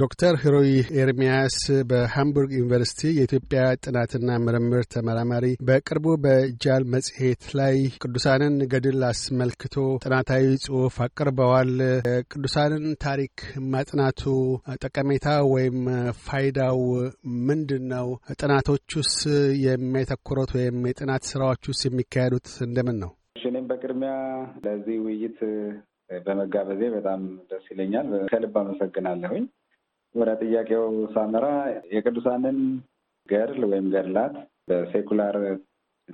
ዶክተር ሂሮይ ኤርሚያስ በሃምቡርግ ዩኒቨርሲቲ የኢትዮጵያ ጥናትና ምርምር ተመራማሪ በቅርቡ በጃል መጽሔት ላይ ቅዱሳንን ገድል አስመልክቶ ጥናታዊ ጽሑፍ አቅርበዋል። ቅዱሳንን ታሪክ ማጥናቱ ጠቀሜታ ወይም ፋይዳው ምንድን ነው? ጥናቶቹስ የሚያተኩሩት ወይም የጥናት ስራዎቹስ የሚካሄዱት እንደምን ነው? እኔም በቅድሚያ ለዚህ ውይይት በመጋበዜ በጣም ደስ ይለኛል። ከልብ አመሰግናለሁኝ። ወደ ጥያቄው ሳመራ የቅዱሳንን ገድል ወይም ገድላት በሴኩላር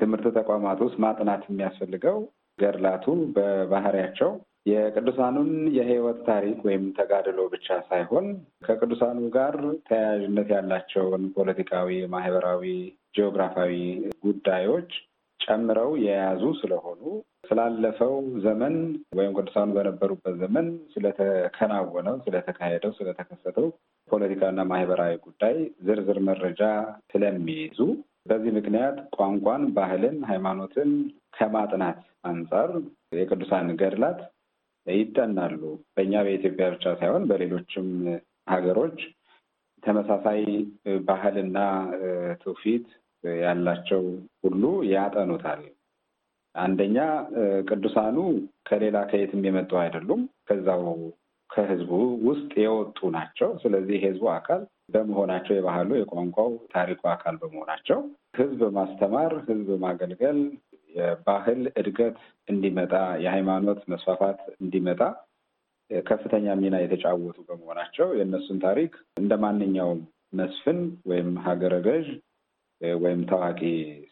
ትምህርት ተቋማት ውስጥ ማጥናት የሚያስፈልገው ገድላቱ በባህሪያቸው የቅዱሳኑን የሕይወት ታሪክ ወይም ተጋድሎ ብቻ ሳይሆን ከቅዱሳኑ ጋር ተያያዥነት ያላቸውን ፖለቲካዊ፣ ማህበራዊ፣ ጂኦግራፋዊ ጉዳዮች ጨምረው የያዙ ስለሆኑ ስላለፈው ዘመን ወይም ቅዱሳኑ በነበሩበት ዘመን ስለተከናወነው፣ ስለተካሄደው፣ ስለተከሰተው ፖለቲካና ማህበራዊ ጉዳይ ዝርዝር መረጃ ስለሚይዙ በዚህ ምክንያት ቋንቋን፣ ባህልን፣ ሃይማኖትን ከማጥናት አንጻር የቅዱሳን ገድላት ይጠናሉ። በእኛ በኢትዮጵያ ብቻ ሳይሆን በሌሎችም ሀገሮች ተመሳሳይ ባህልና ትውፊት ያላቸው ሁሉ ያጠኑታል። አንደኛ ቅዱሳኑ ከሌላ ከየትም የመጡ አይደሉም። ከዛው ከህዝቡ ውስጥ የወጡ ናቸው። ስለዚህ የህዝቡ አካል በመሆናቸው የባህሉ፣ የቋንቋው፣ ታሪኩ አካል በመሆናቸው ህዝብ ማስተማር፣ ህዝብ ማገልገል፣ የባህል እድገት እንዲመጣ የሃይማኖት መስፋፋት እንዲመጣ ከፍተኛ ሚና የተጫወቱ በመሆናቸው የእነሱን ታሪክ እንደ ማንኛውም መስፍን ወይም ሀገረ ገዥ ወይም ታዋቂ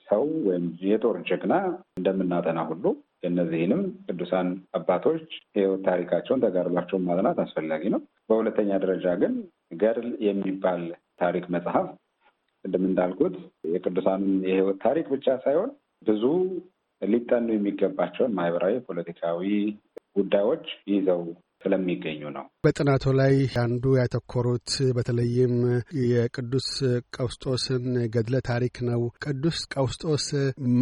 ሰው ወይም የጦር ጀግና እንደምናጠና ሁሉ የእነዚህንም ቅዱሳን አባቶች የህይወት ታሪካቸውን ተጋድሏቸውን ማጥናት አስፈላጊ ነው። በሁለተኛ ደረጃ ግን ገድል የሚባል ታሪክ መጽሐፍ ቅድም እንዳልኩት የቅዱሳንን የህይወት ታሪክ ብቻ ሳይሆን ብዙ ሊጠኑ የሚገባቸውን ማህበራዊ፣ ፖለቲካዊ ጉዳዮች ይዘው ስለሚገኙ ነው። በጥናቱ ላይ አንዱ ያተኮሩት በተለይም የቅዱስ ቀውስጦስን ገድለ ታሪክ ነው። ቅዱስ ቀውስጦስ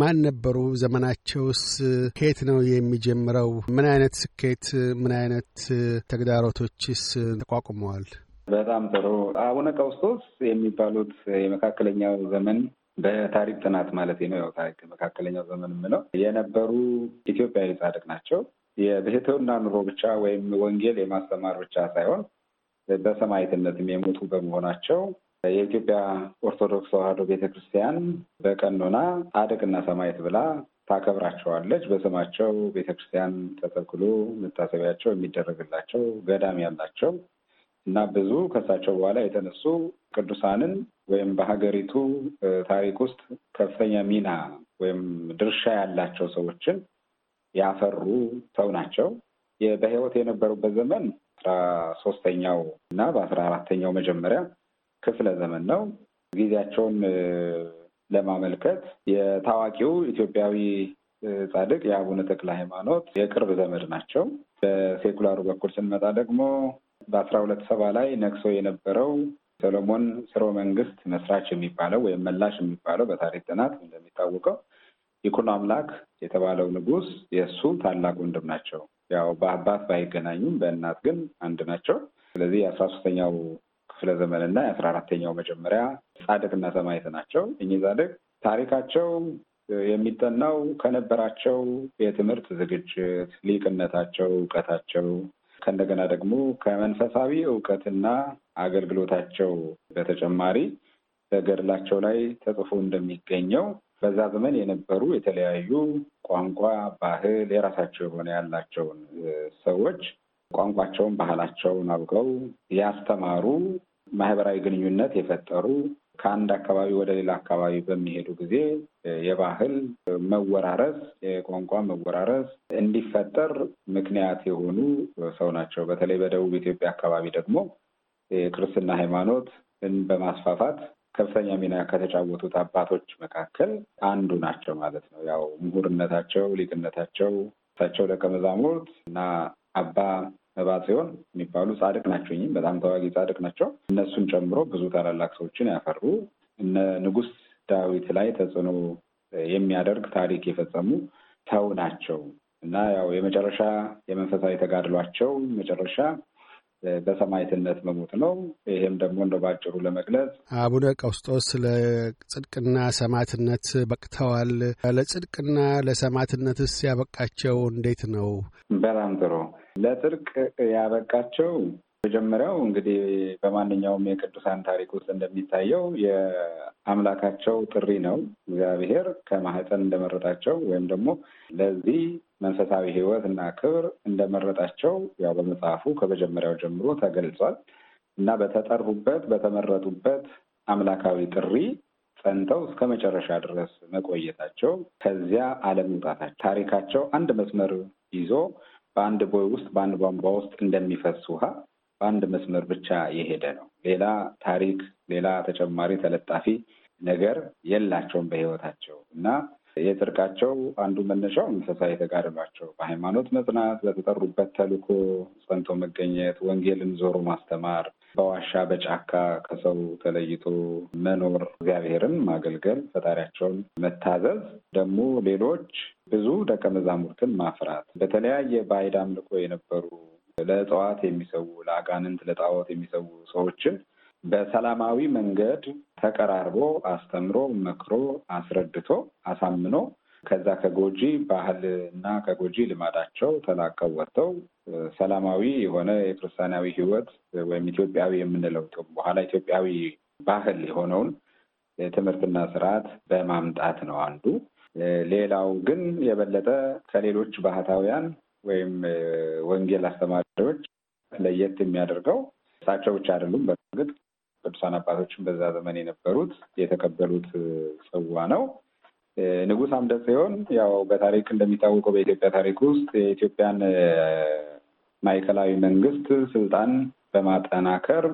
ማን ነበሩ? ዘመናቸውስ ከየት ነው የሚጀምረው? ምን አይነት ስኬት፣ ምን አይነት ተግዳሮቶችስ ተቋቁመዋል? በጣም ጥሩ። አቡነ ቀውስጦስ የሚባሉት የመካከለኛው ዘመን በታሪክ ጥናት ማለት ነው። ያው ታሪክ መካከለኛው ዘመን የምለው የነበሩ ኢትዮጵያዊ ጻድቅ ናቸው። የብሕትውና ኑሮ ብቻ ወይም ወንጌል የማስተማር ብቻ ሳይሆን በሰማዕትነትም የሞቱ በመሆናቸው የኢትዮጵያ ኦርቶዶክስ ተዋሕዶ ቤተክርስቲያን በቀኖና ጻድቅና ሰማዕት ብላ ታከብራቸዋለች። በስማቸው ቤተክርስቲያን ተተክሎ መታሰቢያቸው የሚደረግላቸው ገዳም ያላቸው እና ብዙ ከሳቸው በኋላ የተነሱ ቅዱሳንን ወይም በሀገሪቱ ታሪክ ውስጥ ከፍተኛ ሚና ወይም ድርሻ ያላቸው ሰዎችን ያፈሩ ሰው ናቸው። በህይወት የነበሩበት ዘመን አስራ ሶስተኛው እና በአስራ አራተኛው መጀመሪያ ክፍለ ዘመን ነው። ጊዜያቸውን ለማመልከት የታዋቂው ኢትዮጵያዊ ጻድቅ የአቡነ ተክለ ሃይማኖት የቅርብ ዘመድ ናቸው። በሴኩላሩ በኩል ስንመጣ ደግሞ በአስራ ሁለት ሰባ ላይ ነግሶ የነበረው ሰሎሞን ስርወ መንግስት መስራች የሚባለው ወይም መላሽ የሚባለው በታሪክ ጥናት እንደሚታወቀው ይኩኖ አምላክ የተባለው ንጉስ የእሱ ታላቅ ወንድም ናቸው። ያው በአባት ባይገናኙም በእናት ግን አንድ ናቸው። ስለዚህ የአስራ ሶስተኛው ክፍለ ዘመንና የአስራ አራተኛው መጀመሪያ ጻድቅና ሰማዕት ናቸው። እኚህ ጻድቅ ታሪካቸው የሚጠናው ከነበራቸው የትምህርት ዝግጅት፣ ሊቅነታቸው፣ እውቀታቸው ከእንደገና ደግሞ ከመንፈሳዊ እውቀትና አገልግሎታቸው በተጨማሪ በገድላቸው ላይ ተጽፎ እንደሚገኘው በዛ ዘመን የነበሩ የተለያዩ ቋንቋ፣ ባህል የራሳቸው የሆነ ያላቸውን ሰዎች ቋንቋቸውን፣ ባህላቸውን አውቀው ያስተማሩ፣ ማህበራዊ ግንኙነት የፈጠሩ ከአንድ አካባቢ ወደ ሌላ አካባቢ በሚሄዱ ጊዜ የባህል መወራረስ፣ የቋንቋ መወራረስ እንዲፈጠር ምክንያት የሆኑ ሰው ናቸው። በተለይ በደቡብ ኢትዮጵያ አካባቢ ደግሞ የክርስትና ሃይማኖት በማስፋፋት ከፍተኛ ሚና ከተጫወቱት አባቶች መካከል አንዱ ናቸው ማለት ነው። ያው ምሁርነታቸው፣ ሊቅነታቸው እሳቸው ደቀ መዛሙርት እና አባ መባ ሲሆን የሚባሉ ጻድቅ ናቸው። እኚህም በጣም ተዋጊ ጻድቅ ናቸው። እነሱን ጨምሮ ብዙ ታላላቅ ሰዎችን ያፈሩ እነ ንጉሥ ዳዊት ላይ ተጽዕኖ የሚያደርግ ታሪክ የፈጸሙ ሰው ናቸው እና ያው የመጨረሻ የመንፈሳዊ ተጋድሏቸው መጨረሻ በሰማይትነት መሞት ነው። ይህም ደግሞ እንደ ባጭሩ ለመግለጽ አቡነ ቀውስጦስ ለጽድቅና ሰማዕትነት በቅተዋል። ለጽድቅና ለሰማዕትነትስ ያበቃቸው እንዴት ነው? በጣም ጥሩ። ለጽድቅ ያበቃቸው መጀመሪያው እንግዲህ በማንኛውም የቅዱሳን ታሪክ ውስጥ እንደሚታየው የአምላካቸው ጥሪ ነው። እግዚአብሔር ከማህፀን እንደመረጣቸው ወይም ደግሞ ለዚህ መንፈሳዊ ሕይወት እና ክብር እንደመረጣቸው ያው በመጽሐፉ ከመጀመሪያው ጀምሮ ተገልጿል እና በተጠርሁበት በተመረጡበት አምላካዊ ጥሪ ጸንተው እስከ መጨረሻ ድረስ መቆየታቸው ከዚያ አለመውጣታቸው ታሪካቸው አንድ መስመር ይዞ በአንድ ቦይ ውስጥ በአንድ ቧንቧ ውስጥ እንደሚፈስ ውሃ በአንድ መስመር ብቻ የሄደ ነው። ሌላ ታሪክ፣ ሌላ ተጨማሪ ተለጣፊ ነገር የላቸውም በህይወታቸው እና የጽድቃቸው አንዱ መነሻው መንፈሳዊ የተጋድሏቸው በሃይማኖት መጽናት፣ በተጠሩበት ተልእኮ ጸንቶ መገኘት፣ ወንጌልን ዞሮ ማስተማር፣ በዋሻ በጫካ ከሰው ተለይቶ መኖር፣ እግዚአብሔርን ማገልገል፣ ፈጣሪያቸውን መታዘዝ፣ ደግሞ ሌሎች ብዙ ደቀ መዛሙርትን ማፍራት፣ በተለያየ ባዕድ አምልኮ የነበሩ ለእጽዋት የሚሰዉ ለአጋንንት ለጣዖት የሚሰዉ ሰዎችን በሰላማዊ መንገድ ተቀራርቦ አስተምሮ መክሮ አስረድቶ አሳምኖ ከዛ ከጎጂ ባህል እና ከጎጂ ልማዳቸው ተላቀው ወጥተው ሰላማዊ የሆነ የክርስቲያናዊ ሕይወት ወይም ኢትዮጵያዊ የምንለው በኋላ ኢትዮጵያዊ ባህል የሆነውን ትምህርትና ስርዓት በማምጣት ነው አንዱ። ሌላው ግን የበለጠ ከሌሎች ባህታውያን ወይም ወንጌል አስተማሪዎች ለየት የሚያደርገው እሳቸው ብቻ አይደሉም። በእርግጥ ቅዱሳን አባቶችን በዛ ዘመን የነበሩት የተቀበሉት ጽዋ ነው። ንጉሥ አምደ ጽዮን ያው በታሪክ እንደሚታወቀው በኢትዮጵያ ታሪክ ውስጥ የኢትዮጵያን ማዕከላዊ መንግስት ስልጣን በማጠናከር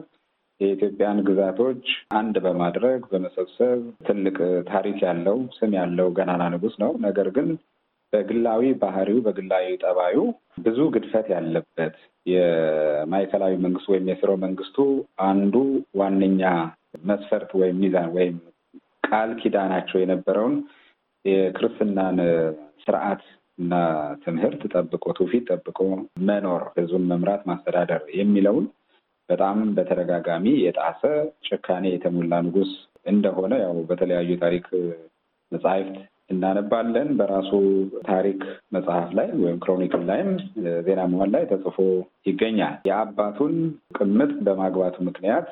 የኢትዮጵያን ግዛቶች አንድ በማድረግ በመሰብሰብ ትልቅ ታሪክ ያለው ስም ያለው ገናና ንጉስ ነው። ነገር ግን በግላዊ ባህሪው በግላዊ ጠባዩ ብዙ ግድፈት ያለበት የማዕከላዊ መንግስቱ ወይም የስርወ መንግስቱ አንዱ ዋነኛ መስፈርት ወይም ሚዛን ወይም ቃል ኪዳናቸው የነበረውን የክርስትናን ስርዓት እና ትምህርት ጠብቆ ትውፊት ጠብቆ መኖር፣ ህዝቡን መምራት፣ ማስተዳደር የሚለውን በጣም በተደጋጋሚ የጣሰ ጭካኔ የተሞላ ንጉስ እንደሆነ ያው በተለያዩ ታሪክ መጽሐፍት እናነባለን። በራሱ ታሪክ መጽሐፍ ላይ ወይም ክሮኒክል ላይም ዜና መሆን ላይ ተጽፎ ይገኛል። የአባቱን ቅምጥ በማግባቱ ምክንያት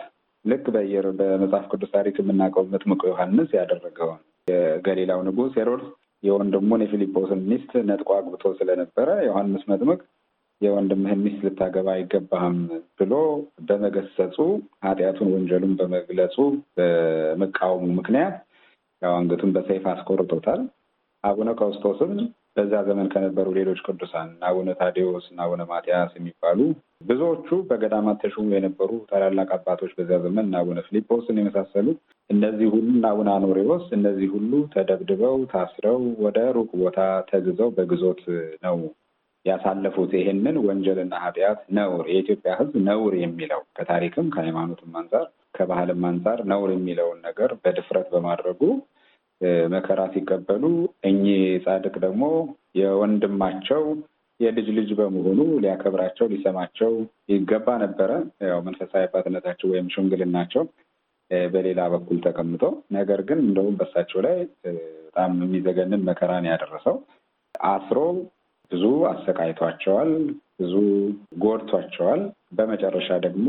ልክ በየር በመጽሐፍ ቅዱስ ታሪክ የምናውቀው ምጥምቁ ዮሐንስ ያደረገውን የገሊላው ንጉሥ ሄሮድስ የወንድሙን የፊሊጶስን ሚስት ነጥቆ አግብቶ ስለነበረ ዮሐንስ መጥምቅ የወንድምህን ሚስት ልታገባ አይገባህም ብሎ በመገሰጹ ኃጢአቱን ወንጀሉን በመግለጹ በመቃወሙ ምክንያት ያው አንገቱን በሰይፍ አስቆርጦታል። አቡነ ቀውስቶስም በዛ ዘመን ከነበሩ ሌሎች ቅዱሳን አቡነ ታዴዎስ እና አቡነ ማትያስ የሚባሉ ብዙዎቹ በገዳማት ተሹሙ የነበሩ ታላላቅ አባቶች በዚያ ዘመን እና አቡነ ፊሊጶስን የመሳሰሉ እነዚህ ሁሉ እና አቡነ አኖሪዎስ እነዚህ ሁሉ ተደብድበው ታስረው ወደ ሩቅ ቦታ ተግዘው በግዞት ነው ያሳለፉት። ይህንን ወንጀልና ኃጢአት ነውር የኢትዮጵያ ሕዝብ ነውር የሚለው ከታሪክም ከሃይማኖትም አንጻር ከባህልም አንጻር ነውር የሚለውን ነገር በድፍረት በማድረጉ መከራ ሲቀበሉ እኚህ ጻድቅ ደግሞ የወንድማቸው የልጅ ልጅ በመሆኑ ሊያከብራቸው ሊሰማቸው ይገባ ነበረ። ያው መንፈሳዊ አባትነታቸው ወይም ሽምግልናቸው በሌላ በኩል ተቀምጦ፣ ነገር ግን እንደውም በሳቸው ላይ በጣም የሚዘገንን መከራን ያደረሰው አስሮ ብዙ አሰቃይቷቸዋል፣ ብዙ ጎድቷቸዋል። በመጨረሻ ደግሞ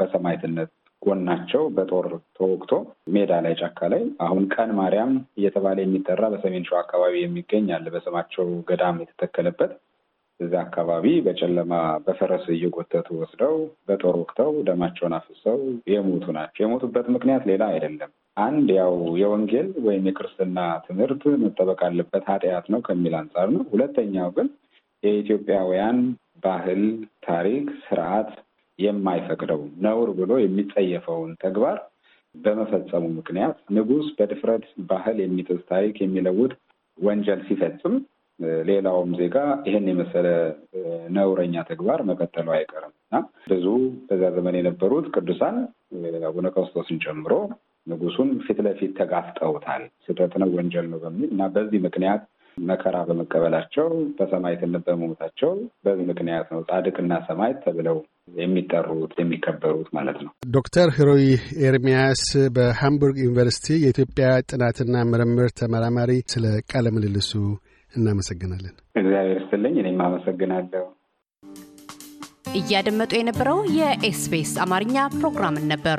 በሰማዕትነት ጎናቸው በጦር ተወግቶ ሜዳ ላይ ጫካ ላይ አሁን ቀን ማርያም እየተባለ የሚጠራ በሰሜን ሸዋ አካባቢ የሚገኝ አለ። በስማቸው ገዳም የተተከለበት እዚ አካባቢ በጨለማ በፈረስ እየጎተቱ ወስደው በጦር ወቅተው ደማቸውን አፍሰው የሞቱ ናቸው። የሞቱበት ምክንያት ሌላ አይደለም። አንድ ያው የወንጌል ወይም የክርስትና ትምህርት መጠበቅ አለበት ኃጢአት ነው ከሚል አንጻር ነው። ሁለተኛው ግን የኢትዮጵያውያን ባህል፣ ታሪክ፣ ስርዓት የማይፈቅደው ነውር ብሎ የሚጸየፈውን ተግባር በመፈጸሙ ምክንያት ንጉስ በድፍረት ባህል የሚጥስ ታሪክ የሚለውጥ ወንጀል ሲፈጽም ሌላውም ዜጋ ይህን የመሰለ ነውረኛ ተግባር መቀጠሉ አይቀርም እና ብዙ በዛ ዘመን የነበሩት ቅዱሳን አቡነ ቀውስጦስን ጨምሮ ንጉሱን ፊት ለፊት ተጋፍጠውታል። ስህተት ነው፣ ወንጀል ነው በሚል እና በዚህ ምክንያት መከራ በመቀበላቸው በሰማዕትነት በመሞታቸው በዚህ ምክንያት ነው ጻድቅና ሰማዕት ተብለው የሚጠሩት የሚከበሩት ማለት ነው። ዶክተር ሂሮይ ኤርሚያስ በሃምቡርግ ዩኒቨርሲቲ የኢትዮጵያ ጥናትና ምርምር ተመራማሪ፣ ስለ ቃለ ምልልሱ እናመሰግናለን። እግዚአብሔር ይስጥልኝ። እኔም አመሰግናለሁ። እያደመጡ የነበረው የኤስቢኤስ አማርኛ ፕሮግራምን ነበር።